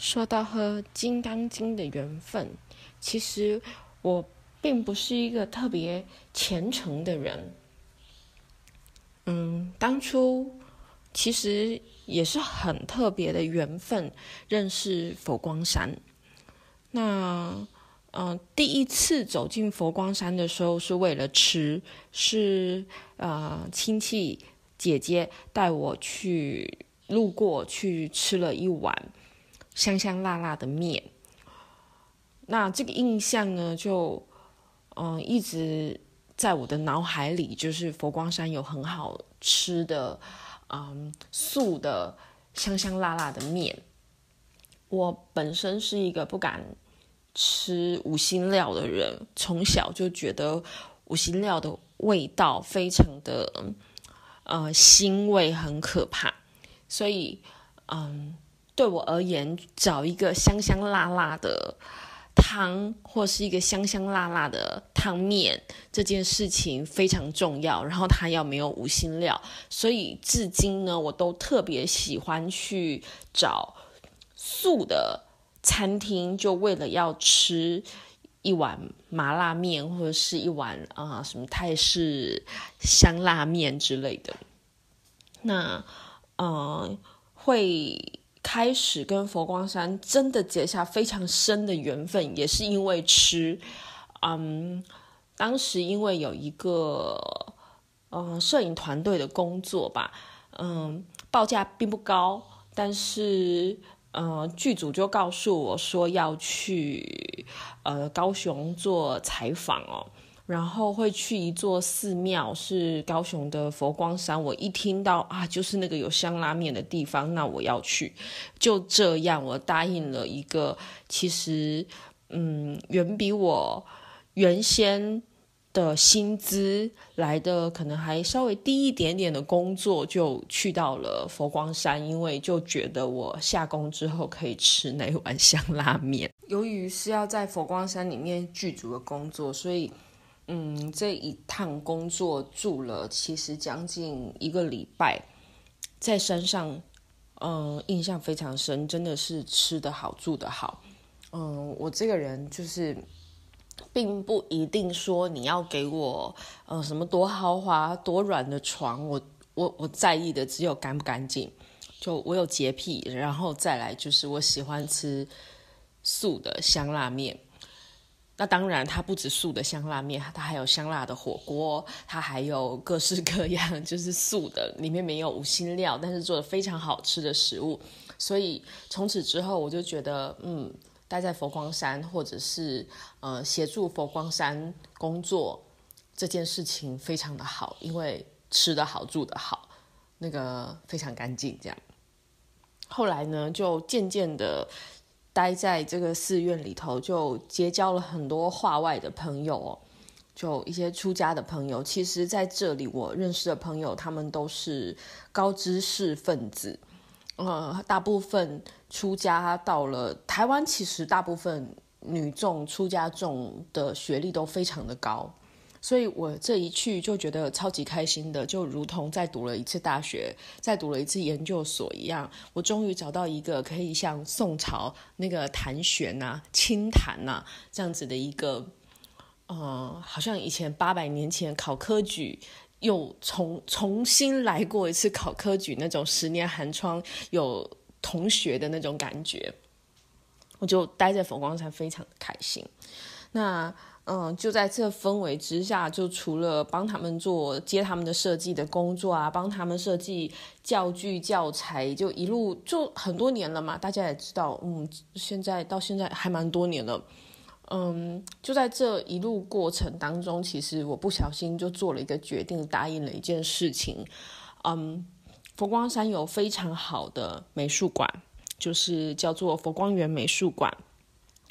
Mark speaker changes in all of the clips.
Speaker 1: 說到和《金剛經》的緣分，其實我並不是一個特別虔誠的人。嗯，當初其實也是很特別的緣分，認識佛光山。那嗯、呃，第一次走進佛光山的時候是為了吃，是呃親戚姐姐帶我去路過去吃了一碗。香香辣辣的麵，那這個印象呢，就嗯一直在我的腦海裡，就是佛光山有很好吃的嗯素的香香辣辣的麵。我本身是一個不敢吃五辛料的人，從小就覺得五辛料的味道非常的呃、嗯、腥味很可怕，所以嗯。對我而言，找一個香香辣辣的湯，或是一個香香辣辣的湯麵，這件事情非常重要。然後它要沒有五辛料，所以至今呢，我都特別喜歡去找素的餐廳，就為了要吃一碗麻辣麵，或者是一碗啊、呃、什麼泰式香辣麵之類的。那呃會。開始跟佛光山真的結下非常深的緣分，也是因為吃，嗯，當時因為有一個嗯攝影團隊的工作吧，嗯報價並不高，但是嗯劇組就告訴我說要去呃高雄做採訪哦。然後會去一座寺廟，是高雄的佛光山。我一聽到啊，就是那個有香拉麵的地方，那我要去。就這樣，我答應了一個其實，嗯，遠比我原先的薪資來的可能還稍微低一點點的工作，就去到了佛光山。因為就覺得我下工之後可以吃那碗香拉麵。由於是要在佛光山裡面劇組的工作，所以。嗯，這一趟工作住了，其實將近一個禮拜，在山上，嗯，印象非常深，真的是吃得好，住得好。嗯，我這個人就是，並不一定說你要給我，呃、嗯，什麼多豪華、多軟的床，我，我，我在意的只有乾不乾淨，就我有潔癖，然後再來就是我喜歡吃素的香辣面。那當然，它不止素的香辣麵，它還有香辣的火鍋，它還有各式各樣，就是素的裡面沒有五辛料，但是做得非常好吃的食物。所以從此之後，我就覺得，嗯，待在佛光山或者是呃協助佛光山工作這件事情非常的好，因為吃得好，住得好，那個非常乾淨。這樣，後來呢，就漸漸的。待在這個寺院裡頭，就結交了很多化外的朋友，就一些出家的朋友。其實在這裡，我認識的朋友，他們都是高知識分子，嗯、呃，大部分出家到了台灣，其實大部分女眾出家眾的學歷都非常的高。所以，我這一去就覺得超級開心的，就如同再讀了一次大學，再讀了一次研究所一樣。我終於找到一個可以像宋朝那個談玄啊、清談吶、啊、這樣子的一個，嗯、呃，好像以前八百年前考科舉，又重重新來過一次考科舉那種十年寒窗有同學的那種感覺。我就待在佛光山，非常開心。那。嗯，就在這氛圍之下，就除了幫他們做接他們的設計的工作啊，幫他們設計教具教材，就一路就很多年了嘛。大家也知道，嗯，現在到現在還蠻多年了。嗯，就在這一路過程當中，其實我不小心就做了一個決定，答應了一件事情。嗯，佛光山有非常好的美術館，就是叫做佛光緣美術館。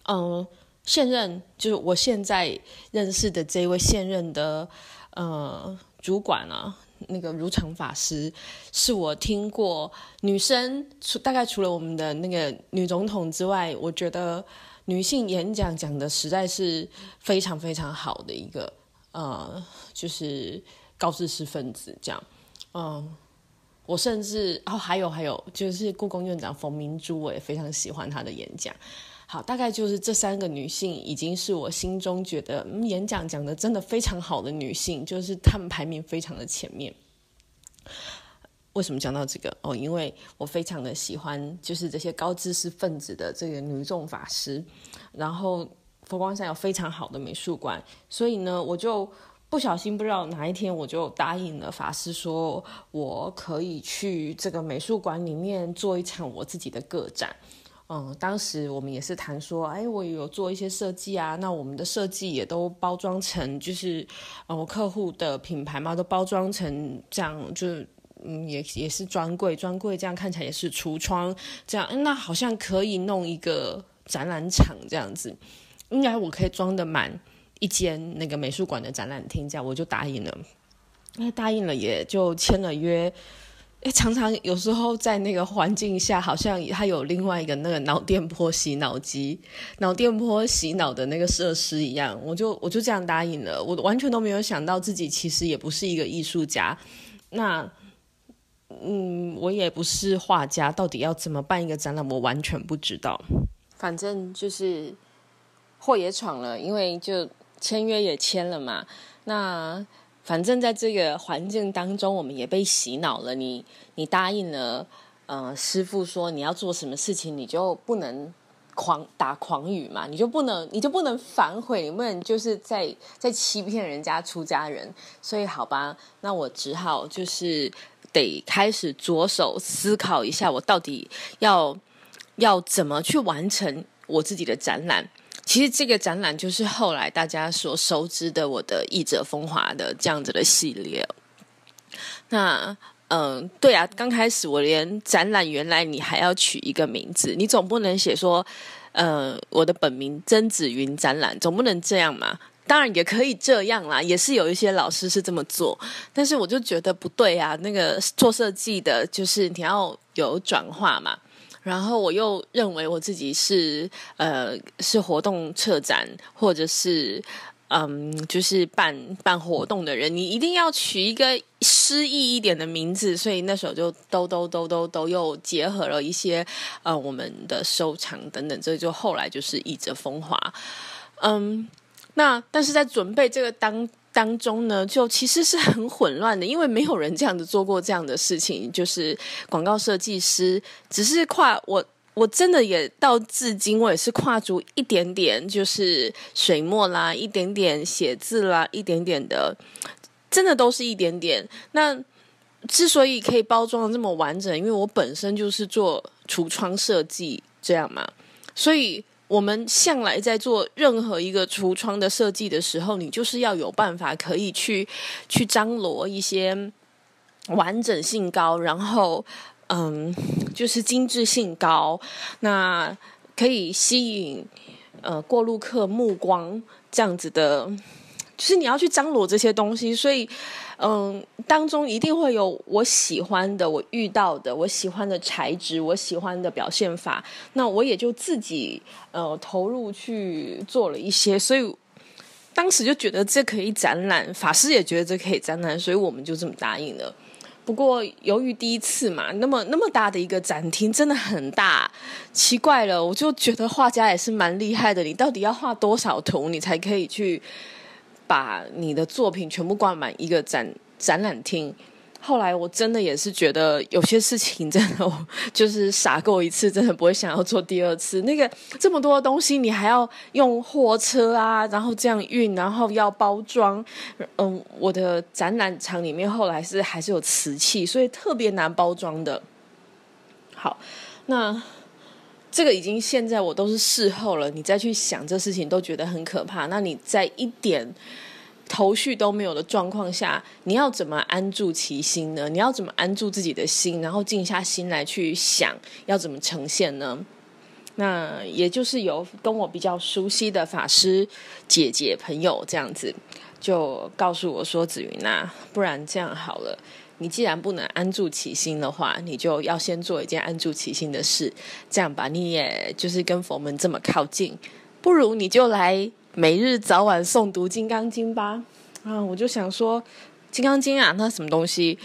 Speaker 1: 嗯。現任就是我現在認識的這位現任的、呃、主管啊，那個如常法師，是我聽過女生大概除了我們的那個女總統之外，我覺得女性演講講的實在是非常非常好的一個呃，就是高知識分子這樣。嗯、呃，我甚至哦還有還有就是故宮院長馮明珠，我也非常喜歡她的演講。好，大概就是這三個女性，已經是我心中覺得演講講得真的非常好的女性，就是她們排名非常的前面。為什麼講到這個？哦，因為我非常的喜歡，就是這些高知識分子的這個女眾法師。然後，佛光山有非常好的美術館，所以呢，我就不小心不知道哪一天，我就答應了法師，說我可以去這個美術館裡面做一場我自己的個展。嗯，當時我們也是談說，哎，我有做一些設計啊，那我們的設計也都包裝成，就是，我、嗯、客戶的品牌嘛，都包裝成這樣，就，嗯，也也是專櫃，專櫃這樣看起來也是櫥窗，這樣、哎，那好像可以弄一個展覽場這樣子，應該我可以裝得滿一間那個美術館的展覽廳，這樣我就答應了，那答應了也就簽了約。哎，常常有時候在那個環境下，好像他有另外一個那個腦電波洗腦機、腦電波洗腦的那個設施一樣，我就我就這樣答應了，我完全都沒有想到自己其實也不是一個藝術家，那嗯，我也不是畫家，到底要怎麼辦一個展覽，我完全不知道，反正就是禍也闖了，因為就簽約也簽了嘛，那。反正在這個環境當中，我們也被洗腦了。你你答應了，呃，師父說你要做什麼事情，你就不能誑打誑語嘛，你就不能，你就不能反悔，你不能就是在在欺騙人家出家人。所以好吧，那我只好就是得開始着手思考一下，我到底要要怎麼去完成我自己的展覽。其實這個展覽就是後來大家所熟知的我的“藝者風華”的這樣子的系列，哦。那嗯，對啊，剛開始我連展覽原來你還要取一個名字，你總不能寫說，呃，嗯，我的本名曾子雲展覽，總不能這樣嘛？當然也可以這樣啦，也是有一些老師是這麼做，但是我就覺得不對啊。那個做設計的，就是你要有轉化嘛。然後我又認為我自己是呃，是活動策展或者是嗯，就是辦辦活動的人，你一定要取一個詩意一點的名字，所以那時候就都都都都都又結合了一些呃，我們的收藏等等，這就後來就是一折風華，嗯，那但是在準備這個當。當中呢，就其實是很混亂的，因為沒有人這樣子做過這樣的事情。就是廣告設計師只是跨我，我真的也到至今，我也是跨足一點點，就是水墨啦，一點點寫字啦，一點點的，真的都是一點點。那之所以可以包裝的這麼完整，因為我本身就是做櫥窗設計這樣嘛，所以。我們向來在做任何一個櫥窗的設計的時候，你就是要有辦法可以去去張羅一些完整性高，然後嗯，就是精緻性高，那可以吸引呃過路客目光這樣子的，就是你要去張羅這些東西，所以。嗯，當中一定會有我喜歡的，我遇到的，我喜歡的材質，我喜歡的表現法。那我也就自己呃投入去做了一些，所以當時就覺得這可以展覽，法師也覺得這可以展覽，所以我們就這麼答應了。不過由於第一次嘛，那麼那麼大的一個展廳真的很大，奇怪了，我就覺得畫家也是蠻厲害的，你到底要畫多少圖，你才可以去把你的作品全部掛滿一個展展覽廳。後來我真的也是覺得有些事情真的我就是傻過一次，真的不會想要做第二次。那個這麼多的東西，你還要用貨車啊，然後這樣運，然後要包裝。嗯，我的展覽場裡面後來是還是有瓷器，所以特別難包裝的。好，那。這個已經現在我都是事後了，你再去想這事情都覺得很可怕。那你在一點頭緒都沒有的狀況下，你要怎麼安住其心呢？你要怎麼安住自己的心，然後靜下心來去想要怎麼呈現呢？那也就是由跟我比較熟悉的法師姐姐朋友這樣子，就告訴我說：“子云娜，啊，不然這樣好了。”你既然不能安住其心的話，你就要先做一件安住其心的事。這樣吧，你也就是跟佛門這麼靠近，不如你就來每日早晚誦讀《金剛經》吧。啊，我就想說，《金剛經》啊，那什麼東西？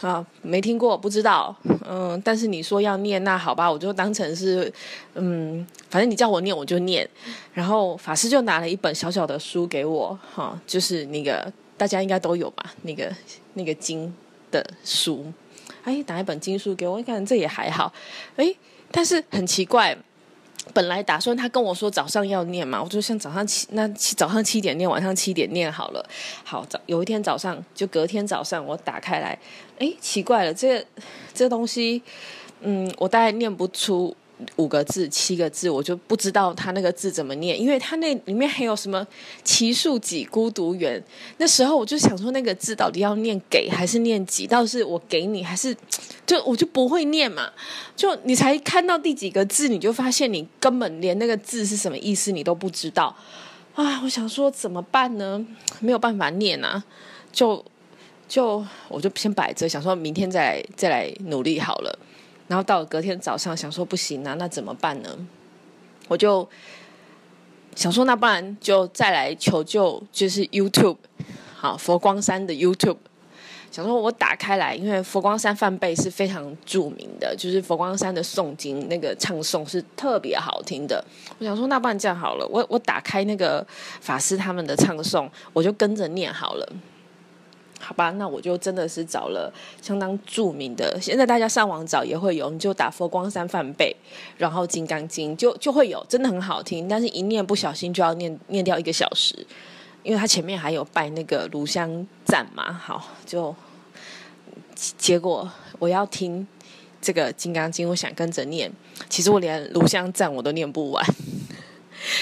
Speaker 1: 啊，沒聽過，不知道。嗯，但是你說要念，那好吧，我就當成是，嗯，反正你叫我念，我就念。然後法師就拿了一本小小的書給我，哈、啊，就是那個大家應該都有吧，那個那個經。的書，哎，打一本經書給我，我感覺這也還好，哎，但是很奇怪，本來打算他跟我說早上要念嘛，我就想早上七那七早上七點念，晚上七點念好了，好。早有一天早上，就隔天早上我打開來，哎，奇怪了，這這東西，嗯，我大概念不出五個字，七個字，我就不知道他那個字怎麼念，因為他那裡面還有什麼“祇樹給孤獨園”，那時候我就想說，那個字到底要念“給”還是念“幾”？倒是我給你，還是就我就不會念嘛？就你才看到第幾個字，你就發現你根本連那個字是什麼意思你都不知道啊！我想說怎麼辦呢？沒有辦法念啊，就就我就先擺着，想說明天再來再來努力好了。然後到了隔天早上，想說不行啊，那怎麼辦呢？我就想說，那不然就再來求救，就是 YouTube，好，佛光山的 YouTube。想說，我打開來，因為佛光山梵唄是非常著名的，就是佛光山的誦經那個唱誦是特別好聽的。我想說，那不然這樣好了，我我打開那個法師他們的唱誦，我就跟着念好了。好吧，那我就真的是找了相當著名的，現在大家上網找也會有，你就打“佛光山梵唄”，然後《金剛經》就就會有，真的很好聽，但是一念不小心就要念念掉一個小時，因為它前面還有拜那個爐香讚嘛。好，就結果我要聽這個《金剛經》，我想跟着念，其實我連爐香讚我都念不完。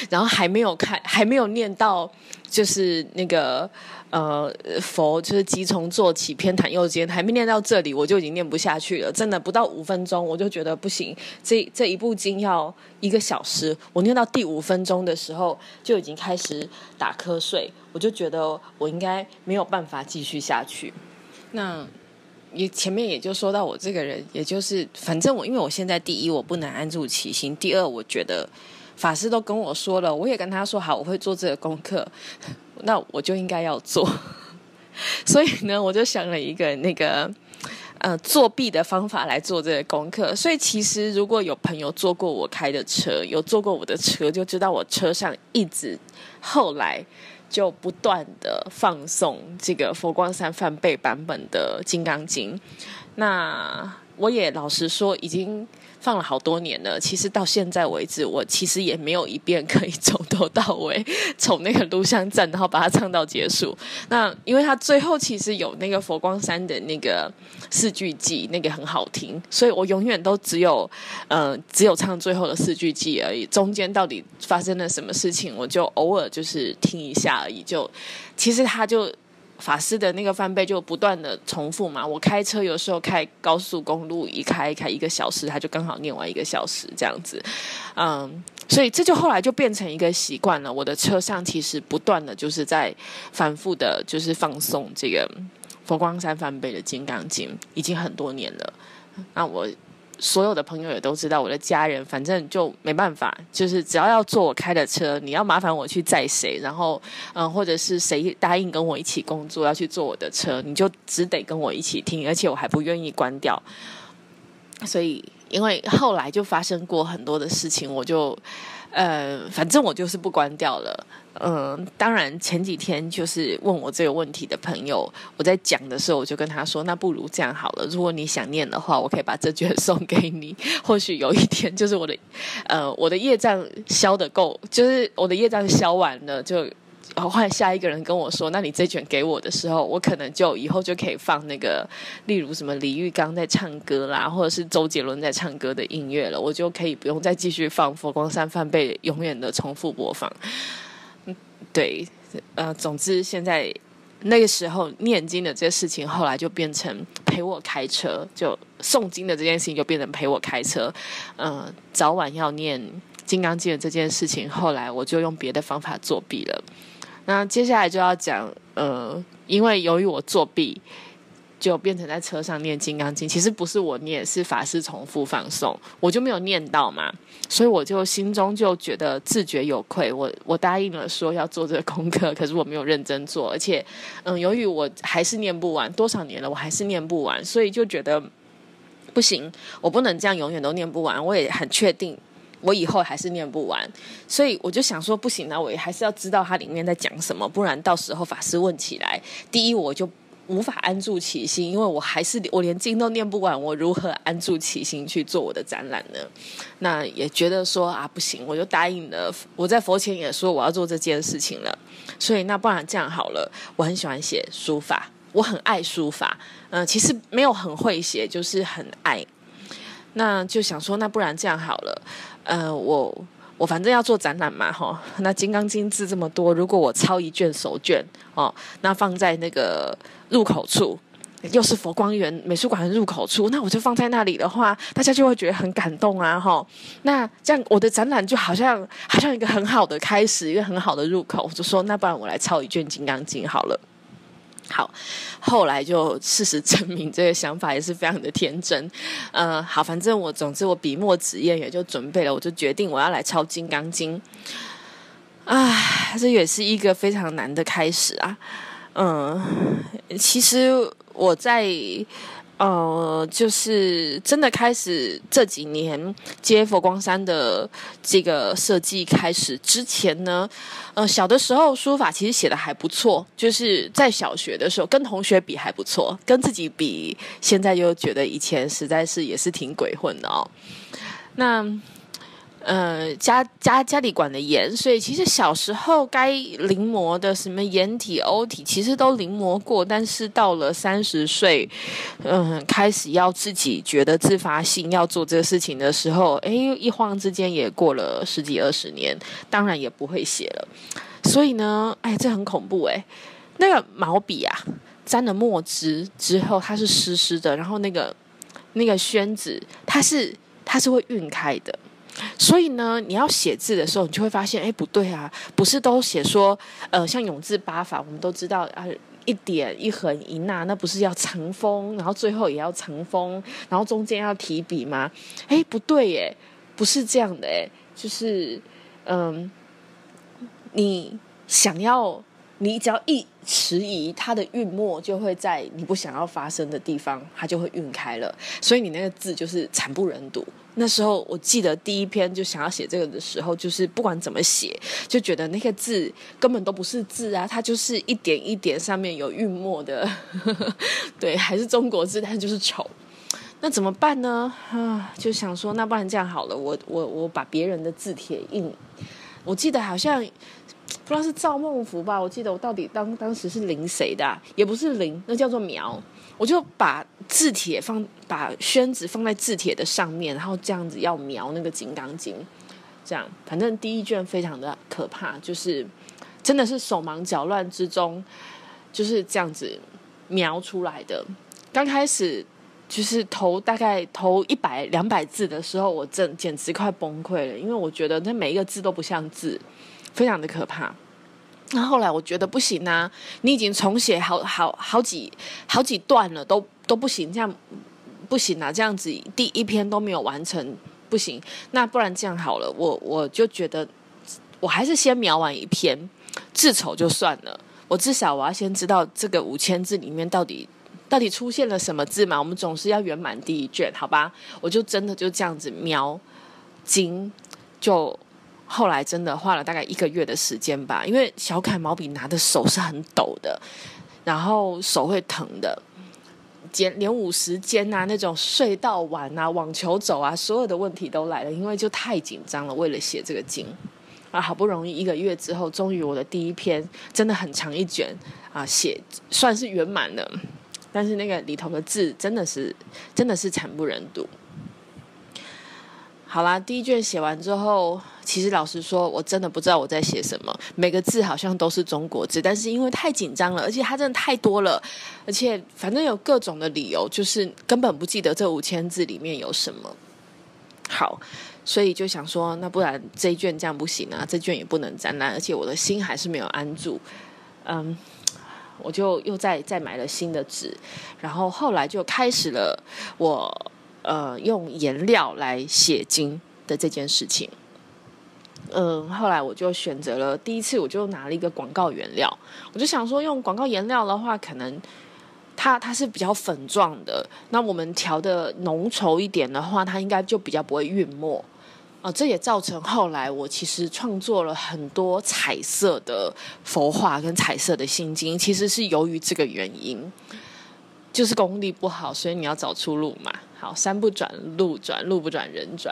Speaker 1: 然後還沒有看，還沒有念到，就是那個呃佛，就是即從座起，偏袒右肩，還沒念到這裡，我就已經念不下去了。真的不到五分鐘，我就覺得不行。這這一部經要一個小時，我念到第五分鐘的時候，就已經開始打瞌睡。我就覺得我應該沒有辦法繼續下去。那也前面也就說到我這個人，也就是反正我，因為我現在第一我不能安住其心，第二我覺得。法師都跟我說了，我也跟他說好，我會做這個功課，那我就應該要做。 所以呢，我就想了一個那個呃作弊的方法來做這個功課。所以其實如果有朋友坐過我開的車，有坐過我的車，就知道我車上一直後來就不斷的放送這個佛光山梵唄版本的《金剛經》。那我也老實說，已經。放了好多年了，其實到現在為止，我其實也沒有一遍可以從頭到尾從那個錄像站，然後把它唱到結束。那因為他最後其實有那個佛光山的那個四句偈，那個很好聽，所以我永遠都只有嗯、呃，只有唱最後的四句偈而已。中間到底發生了什麼事情，我就偶爾就是聽一下而已。就其實他就。法師的那個翻倍，就不斷的重複嘛，我開車有時候開高速公路一開，開一個小時，他就剛好念完一個小時這樣子，嗯，所以這就後來就變成一個習慣了。我的車上其實不斷的就是在反覆的就是放送這個佛光山翻倍的金剛經，已經很多年了。那我。所有的朋友也都知道，我的家人反正就沒辦法，就是只要要坐我開的車，你要麻煩我去載誰，然後嗯，或者是誰答應跟我一起工作，要去坐我的車，你就只得跟我一起聽，而且我還不願意關掉。所以，因為後來就發生過很多的事情，我就。呃，反正我就是不關掉了。嗯，當然前幾天就是問我這個問題的朋友，我在講的時候，我就跟他說，那不如這樣好了，如果你想念的話，我可以把這卷送給你。或許有一天就是我的，呃，我的業障消得夠，就是我的業障消完了就。後來下一個人跟我說：“那你這卷給我的時候，我可能就以後就可以放那個，例如什麼李玉剛在唱歌啦，或者是周杰倫在唱歌的音樂了，我就可以不用再繼續放《佛光山梵唄》永遠的重複播放。”嗯，對，呃，總之現在那個時候念經的這些事情，後來就變成陪我開車；就誦經的這件事情，就變成陪我開車。嗯、呃，早晚要念《金剛經》的這件事情，後來我就用別的方法作弊了。那接下來就要講，呃、嗯，因為由於我作弊，就變成在車上念金剛經。其實不是我念，是法師重複放送，我就沒有念到嘛，所以我就心中就覺得自覺有愧。我我答應了說要做這個功課，可是我沒有認真做，而且，嗯，由於我還是念不完，多少年了我還是念不完，所以就覺得不行，我不能這樣永遠都念不完。我也很確定。我以後還是念不完，所以我就想說，不行，那我也還是要知道它裡面在講什麼，不然到時候法師問起來，第一我就無法安住其心，因為我還是我連經都念不完，我如何安住其心去做我的展覽呢？那也覺得說啊，不行，我就答應了，我在佛前也說我要做這件事情了。所以那不然這樣好了，我很喜歡寫書法，我很愛書法，嗯、呃，其實沒有很會寫，就是很愛。那就想說，那不然這樣好了。呃，我我反正要做展覽嘛，吼，那《金剛經》字這麼多，如果我抄一卷手卷，哦，那放在那個入口處，又是佛光緣美術館的入口處，那我就放在那裡的話，大家就會覺得很感動啊，吼，那這樣我的展覽就好像好像一個很好的開始，一個很好的入口，我就說，那不然我來抄一卷《金剛經》好了。好，後來就事實證明，這個想法也是非常的天真。呃、嗯，好，反正我，總之我筆墨紙硯也就準備了，我就決定我要來抄《金剛經》。唉，這也是一個非常難的開始啊。嗯，其實我在。呃，就是真的開始這幾年，接佛光山的這個設計開始之前呢，呃，小的時候書法其實寫得還不錯，就是在小學的時候跟同學比還不錯，跟自己比，現在又覺得以前實在是也是挺鬼混的哦。那。嗯，家家家裡管的嚴，所以其實小時候該臨摹的什麼顏體、歐體，其實都臨摹過。但是到了三十歲，嗯，開始要自己覺得自發性要做這個事情的時候，哎，一晃之間也過了十幾二十年，當然也不會寫了。所以呢，哎，這很恐怖哎。那個毛筆啊，沾了墨汁之後，它是濕濕的，然後那個那個宣紙，它是它是會暈開的。所以呢，你要寫字的時候，你就會發現，哎、欸，不對啊，不是都寫說，呃，像永字八法，我們都知道啊，一點一橫一捺，那不是要藏鋒，然後最後也要藏鋒，然後中間要提筆嗎？哎、欸，不對耶、欸，不是這樣的哎、欸，就是，嗯、呃，你想要。你只要一遲疑，它的暈墨就會在你不想要發生的地方，它就會暈開了。所以你那個字就是慘不忍睹。那時候我記得第一篇就想要寫這個的時候，就是不管怎麼寫，就覺得那個字根本都不是字啊，它就是一點一點上面有暈墨的。 對，還是中國字，但就是醜。那怎麼辦呢？啊，就想說，那不然這樣好了，我我我把別人的字帖印。我記得好像。不知道是趙孟頫吧？我記得我到底當當時是臨誰的，啊？也不是臨，那叫做描。我就把字帖放，把宣紙放在字帖的上面，然後這樣子要描那個《金剛經》。這樣，反正第一卷非常的可怕，就是真的是手忙腳亂之中，就是這樣子描出來的。剛開始就是頭大概頭一百兩百字的時候，我真簡直快崩潰了，因為我覺得那每一個字都不像字。非常的可怕。那、啊、後來我覺得不行啊，你已經重寫好好好幾好幾段了，都都不行，這樣不行啊，這樣子第一篇都沒有完成，不行。那不然這樣好了，我我就覺得我還是先描完一篇，字醜就算了。我至少我要先知道這個五千字裡面到底到底出現了什麼字嘛，我們總是要圓滿第一卷，好吧？我就真的就這樣子描，經就。後來真的花了大概一個月的時間吧，因為小楷毛筆拿的手是很抖的，然後手會疼的，連五十肩啊，那種隧道腕啊，網球肘啊，所有的問題都來了，因為就太緊張了。為了寫這個經啊，好不容易一個月之後，終於我的第一篇真的很長一卷啊，寫算是圓滿了，但是那個裡頭的字真的是真的是慘不忍睹。好啦，第一卷寫完之後，其實老實說，我真的不知道我在寫什麼。每個字好像都是中國字，但是因為太緊張了，而且它真的太多了，而且反正有各種的理由，就是根本不記得這五千字裡面有什麼。好，所以就想說，那不然這一卷這樣不行啊，這卷也不能展覽，而且我的心還是沒有安住。嗯，我就又再再買了新的紙，然後後來就開始了我。呃，用顏料來寫經的這件事情，嗯，後來我就選擇了第一次，我就拿了一個廣告顏料，我就想說，用廣告顏料的話，可能它它是比較粉狀的，那我們調的濃稠一點的話，它應該就比較不會暈墨啊。這也造成後來我其實創作了很多彩色的佛畫跟彩色的心經，其實是由於這個原因，就是功力不好，所以你要找出路嘛。好，山不轉路轉，路不轉人轉。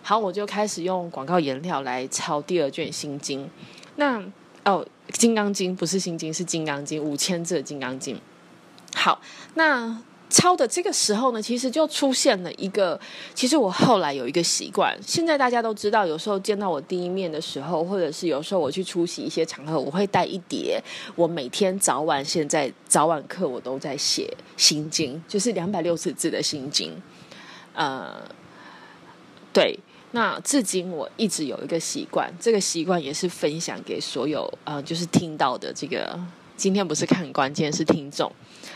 Speaker 1: 好，我就開始用廣告顏料來抄第二卷心經。那哦，金剛經不是心經，是金剛經，五千字的金剛經。好，那。抄的這個時候呢，其實就出現了一個。其實我後來有一個習慣，現在大家都知道，有時候見到我第一面的時候，或者是有時候我去出席一些場合，我會帶一疊。我每天早晚，現在早晚課我都在寫心經，就是兩百六十字的心經。呃，對，那至今我一直有一個習慣，這個習慣也是分享給所有啊、呃，就是聽到的這個今天不是看關鍵，是聽眾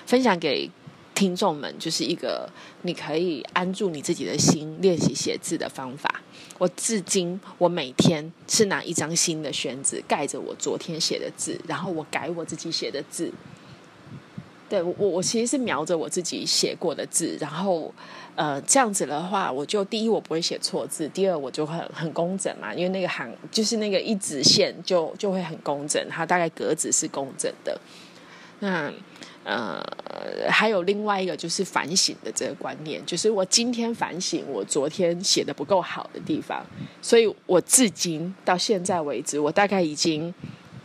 Speaker 1: 分享給。聽眾們，就是一個你可以安住你自己的心，練習寫字的方法。我至今，我每天是拿一張新的宣紙蓋着我昨天寫的字，然後我改我自己寫的字。對，我我我其實是瞄着我自己寫過的字，然後呃，這樣子的話，我就第一我不會寫錯字，第二我就很很工整嘛，因為那個行就是那個一直線就就會很工整，它大概格子是工整的。那。呃，還有另外一個就是反省的這個觀念，就是我今天反省我昨天寫得不夠好的地方，所以我至今到現在為止，我大概已經，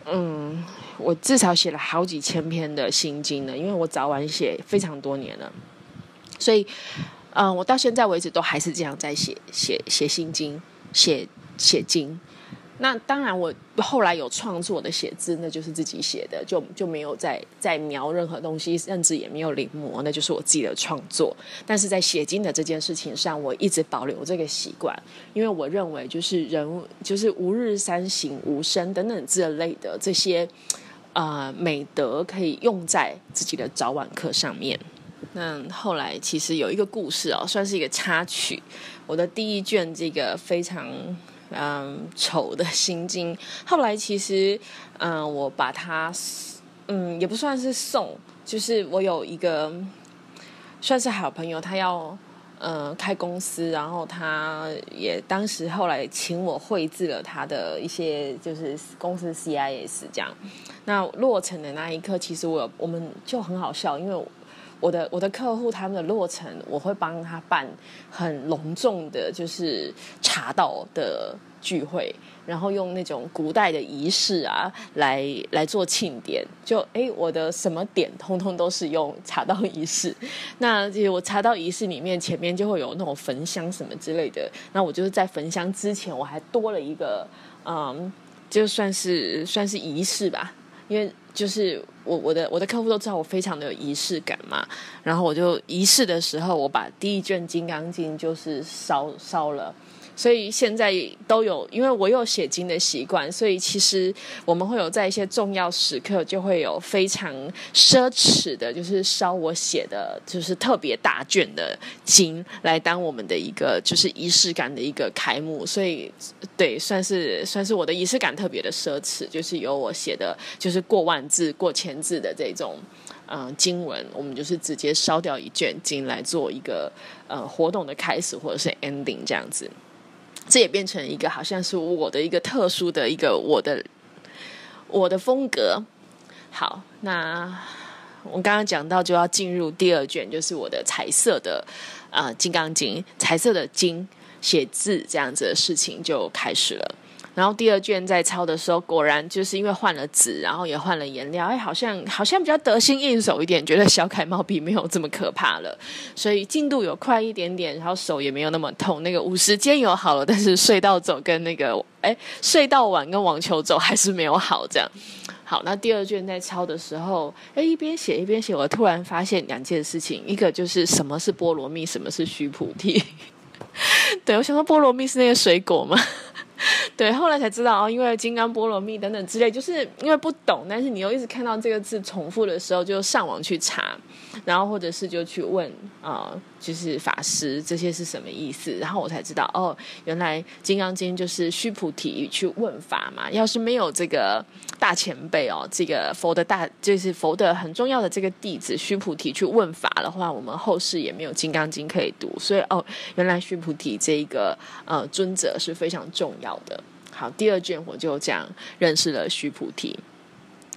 Speaker 1: 嗯，我至少寫了好幾千篇的心經了，因為我早晚寫非常多年了，所以，嗯、呃，我到現在為止都還是這樣在寫寫寫心經，寫寫經。那當然，我後來有創作的寫字，那就是自己寫的，就就沒有再再描任何東西，甚至也沒有臨摹，那就是我自己的創作。但是在寫經的這件事情上，我一直保留這個習慣，因為我認為就是人就是吾日三省吾身等等這類的這些，呃，美德可以用在自己的早晚課上面。那後來其實有一個故事哦，算是一個插曲，我的第一卷這個非常。嗯，醜的心經。後來其實，嗯，我把它，嗯，也不算是送，就是我有一個算是好朋友，他要嗯開公司，然後他也當時後來請我繪制了他的一些就是公司 CIS 這樣。那落成的那一刻，其實我我們就很好笑，因為我。我的我的客戶他們的落成，我會幫他辦很隆重的，就是茶道的聚會，然後用那種古代的儀式啊，來來做慶典。就誒，我的什麼點，通通都是用茶道儀式。那我茶道儀式裡面，前面就會有那種焚香什麼之類的。那我就是在焚香之前，我還多了一個，嗯，就算是算是儀式吧，因為。就是我我的我的客戶都知道我非常的有儀式感嘛，然後我就儀式的時候，我把第一卷《金剛經》就是燒燒了。所以現在都有，因為我有寫經的習慣，所以其實我們會有在一些重要時刻，就會有非常奢侈的，就是燒我寫的就是特別大卷的經來當我們的一個就是儀式感的一個開幕。所以對，算是算是我的儀式感特別的奢侈，就是由我寫的，就是過萬字、過千字的這種嗯、呃、經文，我們就是直接燒掉一卷經來做一個、呃、活動的開始或者是 ending 這樣子。這也變成一個好像是我的一個特殊的一個我的，我的風格。好，那我剛剛講到就要進入第二卷，就是我的彩色的啊、呃《金剛經》，彩色的經寫字這樣子的事情就開始了。然後第二卷在抄的時候，果然就是因為換了紙，然後也換了顏料，哎，好像好像比較得心應手一點，覺得小楷毛筆沒有這麼可怕了，所以進度有快一點點，然後手也沒有那麼痛。那個五十肩有好了，但是隧道走跟那個哎隧道腕跟網球肘還是沒有好這樣。好，那第二卷在抄的時候，哎，一邊寫一邊寫，我突然發現兩件事情，一個就是什麼是菠蘿蜜，什麼是須菩提？ 對，我想說菠蘿蜜是那個水果嗎？對，後來才知道哦，因為金剛波羅蜜等等之類，就是因為不懂，但是你又一直看到這個字重複的時候，就上網去查，然後或者是就去問啊、呃，就是法師這些是什麼意思，然後我才知道哦，原來《金剛經》就是須菩提去問法嘛。要是沒有這個大前輩哦，這個佛的大就是佛的很重要的這個弟子須菩提去問法的話，我們後世也沒有《金剛經》可以讀。所以哦，原來須菩提這一個呃尊者是非常重要的。好，第二卷我就這樣認識了須菩提，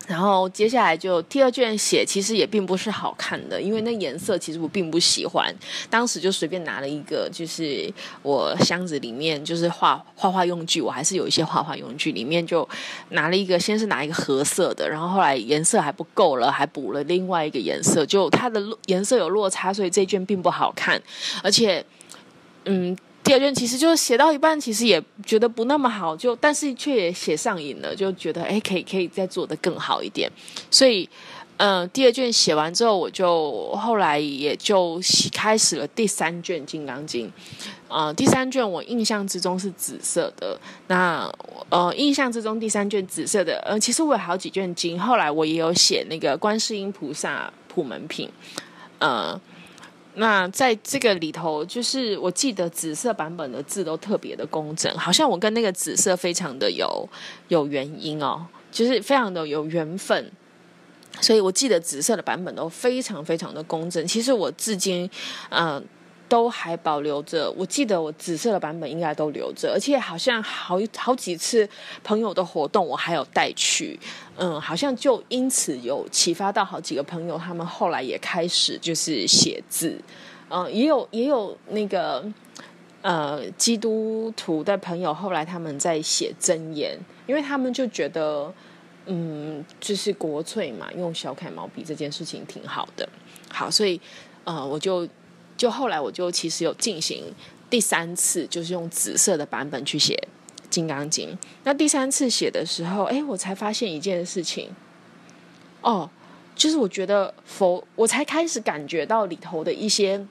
Speaker 1: 然後接下來就第二卷寫，其實也並不是好看的，因為那顏色其實我並不喜歡。當時就隨便拿了一個，就是我箱子裡面就是畫畫畫用具，我還是有一些畫畫用具，裡面就拿了一個，先是拿一個褐色的，然後後來顏色還不夠了，還補了另外一個顏色，就它的顏色有落差，所以這卷並不好看，而且，嗯。第二卷其實就是寫到一半，其實也覺得不那麼好，就但是卻也寫上癮了，就覺得哎，可以可以再做得更好一點。所以，嗯、呃，第二卷寫完之後，我就後來也就開始了第三卷《金剛經》呃。啊，第三卷我印象之中是紫色的。那呃，印象之中第三卷紫色的，嗯、呃，其實我有好幾卷經，後來我也有寫那個《觀世音菩薩普門品》。呃。那在這個裡頭，就是我記得紫色版本的字都特別的工整，好像我跟那個紫色非常的有有原因哦，就是非常的有緣分，所以我記得紫色的版本都非常非常的工整。其實我至今，嗯、呃。都還保留着，我記得我紫色的版本應該都留着，而且好像好好幾次朋友的活動我還有帶去，嗯，好像就因此有啟發到好幾個朋友，他們後來也開始就是寫字，嗯，也有也有那個呃基督徒的朋友，後來他們在寫箴言，因為他們就覺得嗯，就是國粹嘛，用小楷毛筆這件事情挺好的，好，所以，呃，我就。就後來我就其實有進行第三次，就是用紫色的版本去寫《金剛經》。那第三次寫的時候，哎、欸，我才發現一件事情，哦，就是我覺得佛，我才開始感覺到裡頭的一些，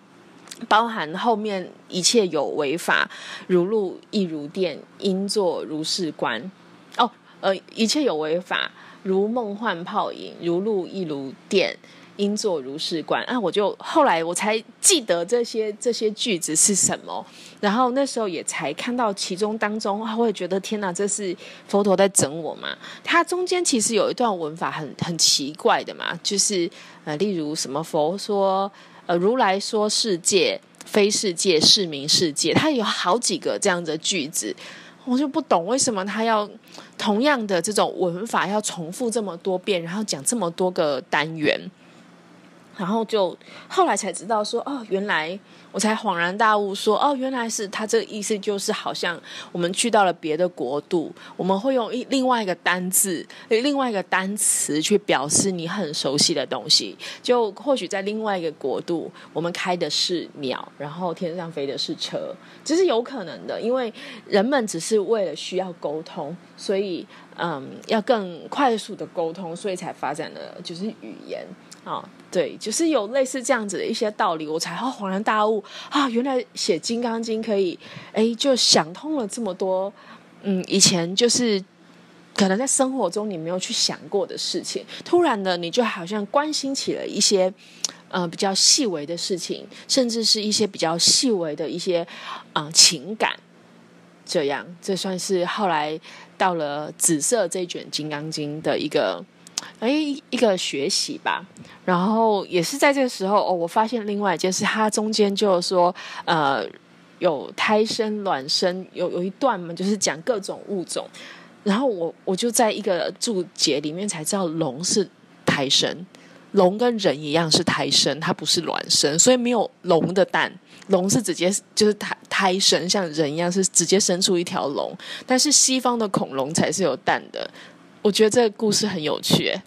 Speaker 1: 包含後面一切有為法，如露亦如電，應作如是觀。哦，呃，一切有為法，如夢幻泡影，如露亦如電。應作如是觀啊！我就後來我才記得這些這些句子是什麼，然後那時候也才看到其中當中，啊、我會覺得天哪、啊，這是佛陀在整我嘛？他中間其實有一段文法很很奇怪的嘛，就是呃，例如什麼佛說呃如來說世界非世界是名世界，他有好幾個這樣的句子，我就不懂為什麼他要同樣的這種文法要重複這麼多遍，然後講這麼多個單元。然後就後來才知道說哦，原來我才恍然大悟說哦，原來是他這個意思，就是好像我們去到了別的國度，我們會用一另外一個單字、另外一個單詞去表示你很熟悉的東西。就或許在另外一個國度，我們開的是鳥，然後天上飛的是車，這是有可能的。因為人們只是為了需要溝通，所以嗯，要更快速的溝通，所以才發展了就是語言。啊、哦，對，就是有類似這樣子的一些道理，我才、哦、恍然大悟啊！原來寫《金剛經》可以，哎，就想通了這麼多。嗯，以前就是可能在生活中你沒有去想過的事情，突然的你就好像關心起了一些呃比較細微的事情，甚至是一些比較細微的一些啊、呃、情感。這樣，這算是後來到了紫色這卷《金剛經》的一個。哎，一個學習吧，然後也是在這個時候哦，我發現另外一件事，它中間就是說呃有胎生、卵生，有有一段嘛，就是講各種物種，然後我我就在一個注解裡面才知道，龍是胎生，龍跟人一樣是胎生，它不是卵生，所以沒有龍的蛋，龍是直接就是胎胎生，像人一樣是直接生出一條龍，但是西方的恐龍才是有蛋的。我覺得這個故事很有趣。欸，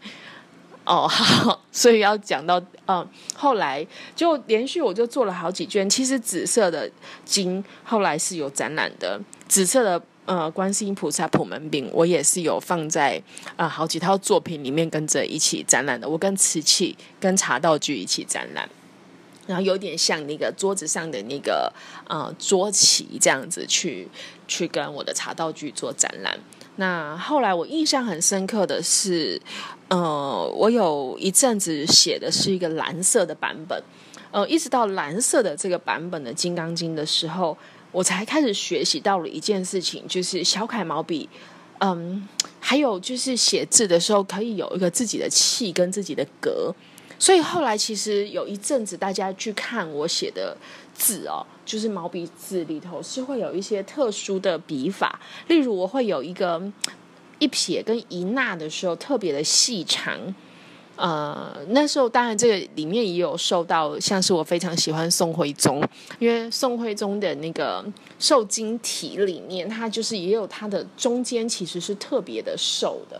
Speaker 1: 哦好，所以要講到嗯，後來就連續我就做了好幾卷。其實紫色的經後來是有展覽的，紫色的呃，觀世音菩薩普門品我也是有放在啊、呃、好幾套作品裡面跟着一起展覽的。我跟瓷器跟茶道具一起展覽，然後有點像那個桌子上的那個啊、呃、桌旗這樣子去去跟我的茶道具做展覽。那後來我印象很深刻的是，呃，我有一陣子寫的是一個藍色的版本，呃，一直到藍色的這個版本的《金剛經》的時候，我才開始學習到了一件事情，就是小楷毛筆，嗯，還有就是寫字的時候可以有一個自己的氣跟自己的格。所以後來其實有一陣子，大家去看我寫的字哦，就是毛筆字裡頭是會有一些特殊的筆法，例如我會有一個一撇跟一捺的時候特別的細長。呃，那時候當然這個裡面也有受到，像是我非常喜歡宋徽宗，因為宋徽宗的那個瘦金體裡面，它就是也有它的中間其實是特別的瘦的。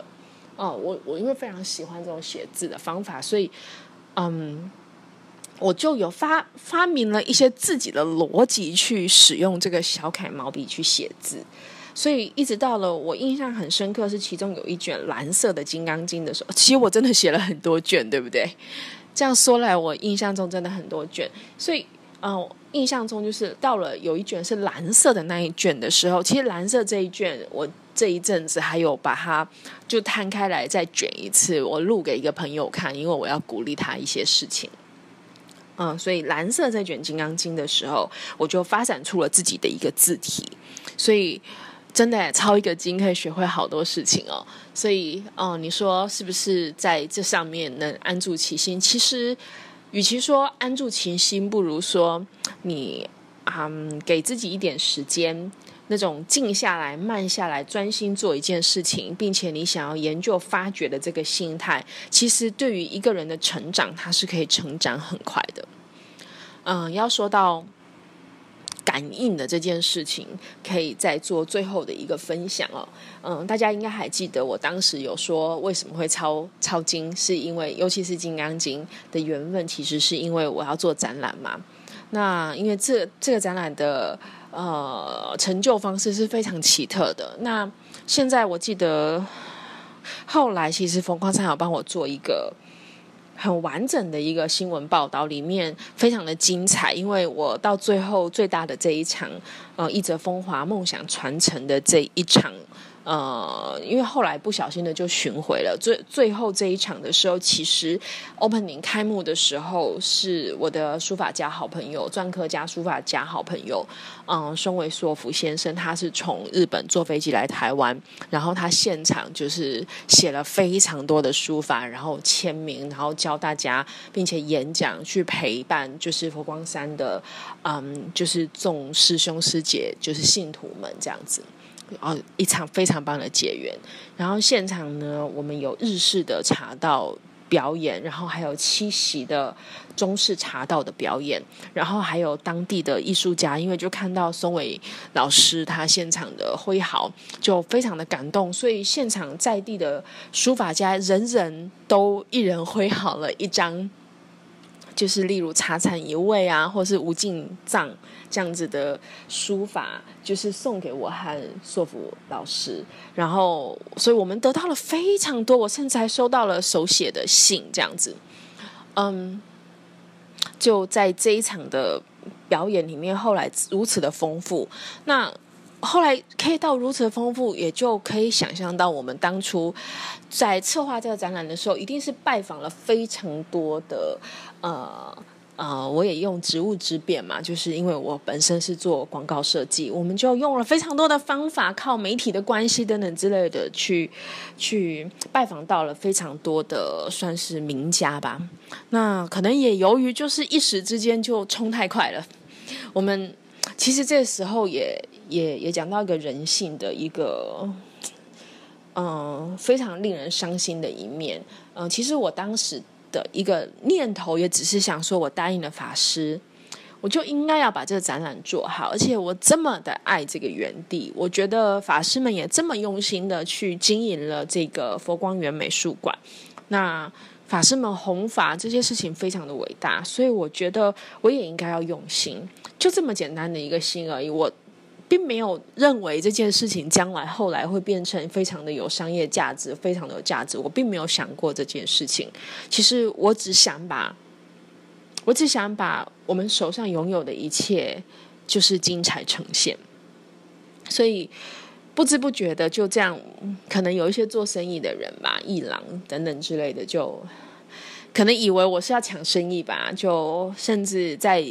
Speaker 1: 哦、呃，我我因為非常喜歡這種寫字的方法，所以。嗯，我就有發發明了一些自己的邏輯去使用這個小楷毛筆去寫字，所以一直到了我印象很深刻是其中有一卷藍色的《金剛經》的時候，其實我真的寫了很多卷，對不對？這樣說來，我印象中真的很多卷，所以，啊，嗯，印象中就是到了有一卷是藍色的那一卷的時候，其實藍色這一卷我。這一陣子還有把它就攤開來再卷一次，我錄給一個朋友看，因為我要鼓勵他一些事情。嗯，所以藍色在卷《金剛經》的時候，我就發展出了自己的一個字體。所以真的抄一個經可以學會好多事情哦。所以嗯，你說是不是在這上面能安住其心？其實，與其說安住其心，不如說你啊、嗯，給自己一點時間。那種靜下來、慢下來、專心做一件事情，並且你想要研究發掘的這個心態，其實對於一個人的成長，它是可以成長很快的。嗯，要說到感應的這件事情，可以再做最後的一個分享哦。嗯，大家應該還記得我當時有說，為什麼會抄抄經，是因為尤其是《金剛經》的緣分，其實是因為我要做展覽嘛。那因為這這個展覽的。呃，成就方式是非常奇特的。那現在我記得，後來其實馮狂山有幫我做一個很完整的一個新聞報道，裡面非常的精彩，因為我到最後最大的這一場，呃，一則風華夢想傳承的這一場。呃、嗯，因為後來不小心的就巡迴了，最最後這一場的時候，其實 opening 開幕的時候是我的書法家好朋友，篆刻家書法家好朋友，嗯，孫維碩福先生，他是從日本坐飛機來台灣，然後他現場就是寫了非常多的書法，然後簽名，然後教大家，並且演講去陪伴，就是佛光山的，嗯，就是眾師兄師姐，就是信徒們這樣子。哦，一場非常棒的結緣。然後現場呢，我們有日式的茶道表演，然後還有七席的中式茶道的表演，然後還有當地的藝術家，因為就看到松尾老師他現場的揮毫，就非常的感動，所以現場在地的書法家人人都一人揮毫了一張，就是例如茶禪一味啊，或是無盡藏。這樣子的書法就是送給我和碩福老師，然後，所以我們得到了非常多，我甚至還收到了手寫的信，這樣子，嗯，就在這一場的表演裡面，後來如此的豐富，那後來可以到如此的豐富，也就可以想象到我們當初在策劃這個展覽的時候，一定是拜訪了非常多的呃。啊、呃，我也用職務之便嘛，就是因為我本身是做廣告設計，我們就用了非常多的方法，靠媒體的關係等等之類的去去拜訪到了非常多的算是名家吧。那可能也由於就是一時之間就衝太快了，我們其實這時候也也也講到一個人性的一個嗯、呃、非常令人傷心的一面。嗯、呃，其實我當時。的一個念頭，也只是想說，我答應了法師，我就應該要把這個展覽做好。而且我這麼的愛這個園地，我覺得法師們也這麼用心的去經營了這個佛光緣美術館。那法師們弘法這些事情非常的偉大，所以我覺得我也應該要用心，就這麼簡單的一個心而已。我。並沒有認為這件事情將來後來會變成非常的有商業價值，非常的有價值。我並沒有想過這件事情。其實我只想把，我只想把我們手上擁有的一切就是精彩呈現。所以不知不覺的就這樣，可能有一些做生意的人吧，藝廊等等之類的就，就可能以為我是要搶生意吧，就甚至在。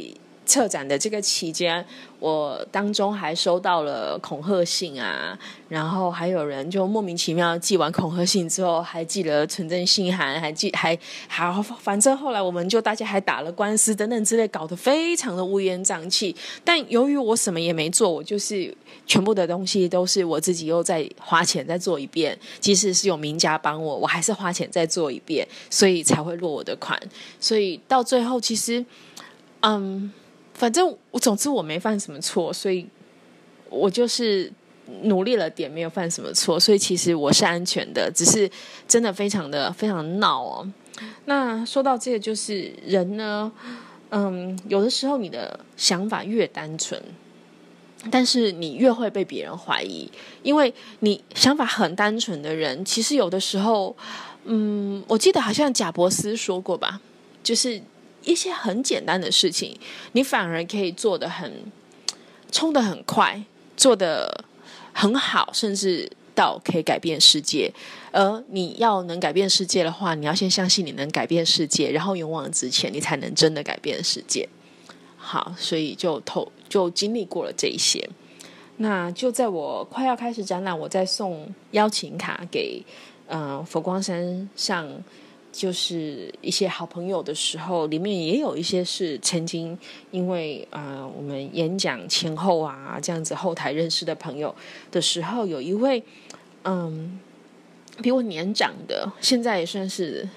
Speaker 1: 策展的這個期間，我當中還收到了恐嚇信啊，然後還有人就莫名其妙寄完恐嚇信之後，還寄了存證信函，還寄還還，反正後來我們就大家還打了官司等等之類，搞得非常的烏煙瘴氣。但由於我什麼也沒做，我就是全部的東西都是我自己又再花錢再做一遍，即使是有名家幫我，我還是花錢再做一遍，所以才會落我的款。所以到最後，其實，嗯。反正我總之我沒犯什麼錯，所以，我就是努力了點，沒有犯什麼錯，所以其實我是安全的。只是真的非常的非常的鬧哦。那說到這個，就是人呢，嗯，有的時候你的想法越單純，但是你越會被別人懷疑，因為你想法很單純的人，其實有的時候，嗯，我記得好像賈伯斯說過吧，就是。一些很簡單的事情，你反而可以做得很衝得很快，做得很好，甚至到可以改變世界。而你要能改變世界的話，你要先相信你能改變世界，然後勇往直前，你才能真的改變世界。好，所以就頭就經歷過了這一些。那就在我快要開始展覽，我再送邀請卡給嗯、呃、佛光山上。就是一些好朋友的時候，裡面也有一些是曾經因為呃我們演講前後啊這樣子後台認識的朋友的時候，有一位嗯比我年長的，現在也算是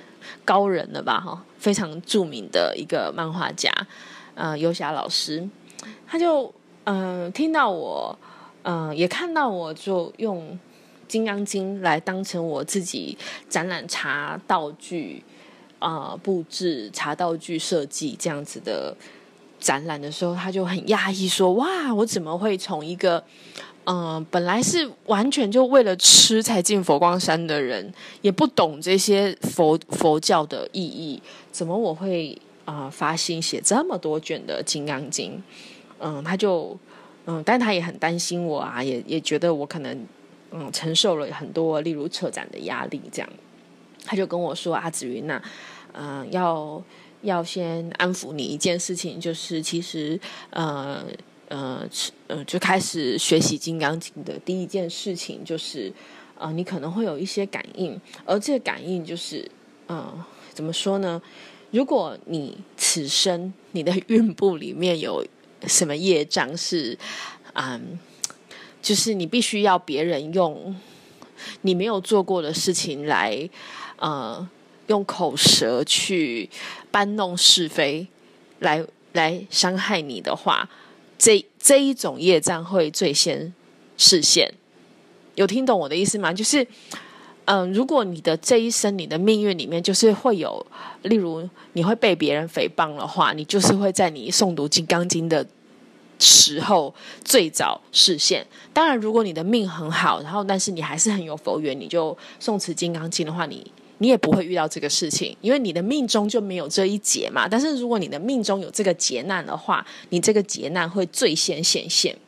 Speaker 1: 高人了吧哈，非常著名的一個漫畫家，呃遊俠老師，他就嗯、呃、聽到我嗯、呃、也看到我就用。《金剛經》來當成我自己展覽茶道具啊、呃，布置茶道具設計這樣子的展覽的時候，他就很訝異說：“哇，我怎麼會從一個嗯、呃，本來是完全就為了吃才進佛光山的人，也不懂這些佛佛教的意義，怎麼我會啊、呃、發心寫這麼多卷的金《金剛經》？嗯，他就嗯、呃，但他也很擔心我啊，也也覺得我可能。”嗯，承受了很多，例如車展的壓力，這樣，他就跟我說：“阿紫雲吶，嗯、啊呃，要要先安撫你一件事情，就是其實，呃呃，嗯、呃，就開始學習金剛經的第一件事情，就是，啊、呃，你可能會有一些感應，而這個感應就是，嗯、呃，怎麼說呢？如果你此生你的運部裡面有什麼業障是，嗯。就是你必須要別人用你沒有做過的事情來，呃，用口舌去搬弄是非，來來傷害你的話，這一這一種業障會最先示現。有聽懂我的意思嗎？就是，嗯、呃，如果你的這一生你的命運裡面就是會有，例如你會被別人誹謗的話，你就是會在你誦讀《金剛經》的。時候最早顯現。當然，如果你的命很好，然後但是你還是很有佛緣，你就誦持金剛經的話，你你也不會遇到這個事情，因為你的命中就沒有這一劫嘛。但是如果你的命中有這個劫難的話，你這個劫難會最先顯現，現。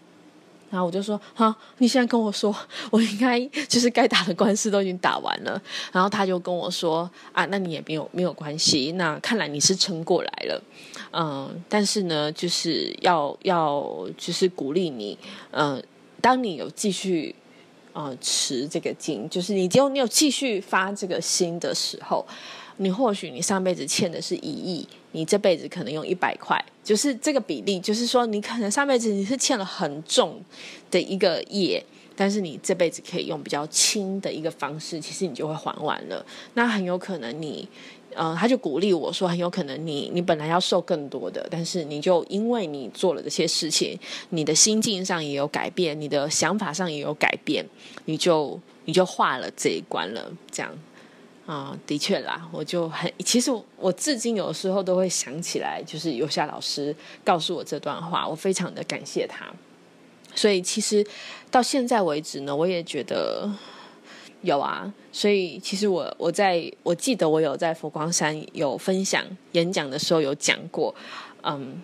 Speaker 1: 然後我就說：“哈，你現在跟我說，我應該就是該打的官司都已經打完了。”然後他就跟我說：“啊，那你也沒有沒有關係。那看來你是撐過來了，嗯。但是呢，就是要要就是鼓勵你，嗯。當你有繼續呃、嗯、持這個經，就是你就你有繼續發這個心的時候，你或許你上輩子欠的是一億。”你這輩子可能用一百塊，就是這個比例，就是說你可能上輩子你是欠了很重的一個業，但是你這輩子可以用比較輕的一個方式，其實你就會還完了。那很有可能你，呃，他就鼓勵我說，很有可能你你本來要受更多的，但是你就因為你做了這些事情，你的心境上也有改變，你的想法上也有改變，你就你就化了這一關了，這樣。啊、嗯，的確啦，我就很，其實我，我至今有時候都會想起來，就是游夏老師告訴我這段話，我非常的感謝他。所以其實到現在為止呢，我也覺得有啊。所以其實我我在我記得我有在佛光山有分享演講的時候有講過，嗯，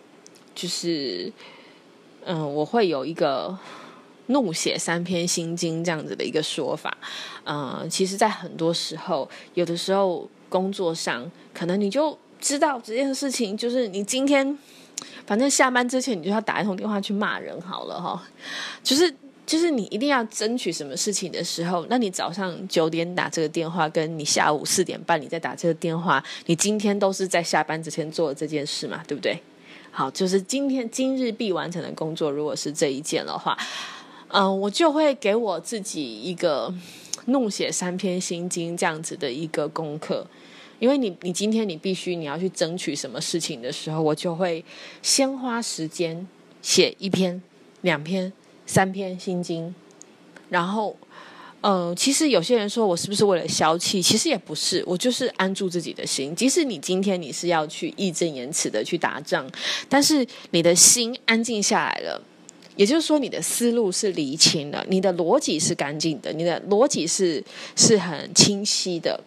Speaker 1: 就是嗯，我會有一個怒寫三篇心經這樣子的一個說法，嗯、呃，其實，在很多時候，有的時候工作上，可能你就知道這件事情，就是你今天，反正下班之前，你就要打一通電話去罵人好了哈、哦。就是就是你一定要爭取什麼事情的時候，那你早上九點打這個電話，跟你下午四點半你再打這個電話，你今天都是在下班之前做的這件事嘛，對不對？好，就是今天今日必完成的工作，如果是這一件的話。嗯，我就會給我自己一個弄寫三篇心經這樣子的一個功課，因為你你今天你必須你要去爭取什麼事情的時候，我就會先花時間寫一篇、兩篇、三篇心經，然後，嗯，其實有些人說我是不是為了消氣？其實也不是，我就是安住自己的心。即使你今天你是要去義正言辭的去打仗，但是你的心安靜下來了。也就是說，你的思路是理清的，你的邏輯是乾淨的，你的邏輯是是很清晰的，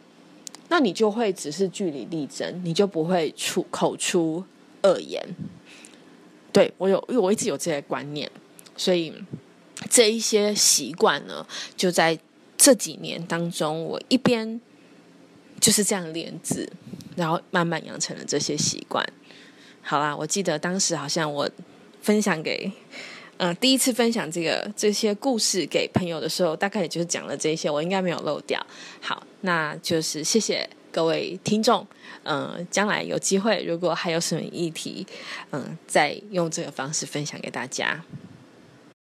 Speaker 1: 那你就會只是據理力爭，你就不會出口出惡言。對我有，因為我一直有這些觀念，所以這一些習慣呢，就在這幾年當中，我一邊就是這樣練字，然後慢慢養成了這些習慣。好啦，我記得當時好像我分享給。嗯、呃，第一次分享這個這些故事給朋友的時候，大概也就是講了這些，我應該沒有漏掉。好，那就是謝謝各位聽眾。嗯、呃，將來有機會，如果還有什麼議題，嗯、呃，再用這個方式分享給大家。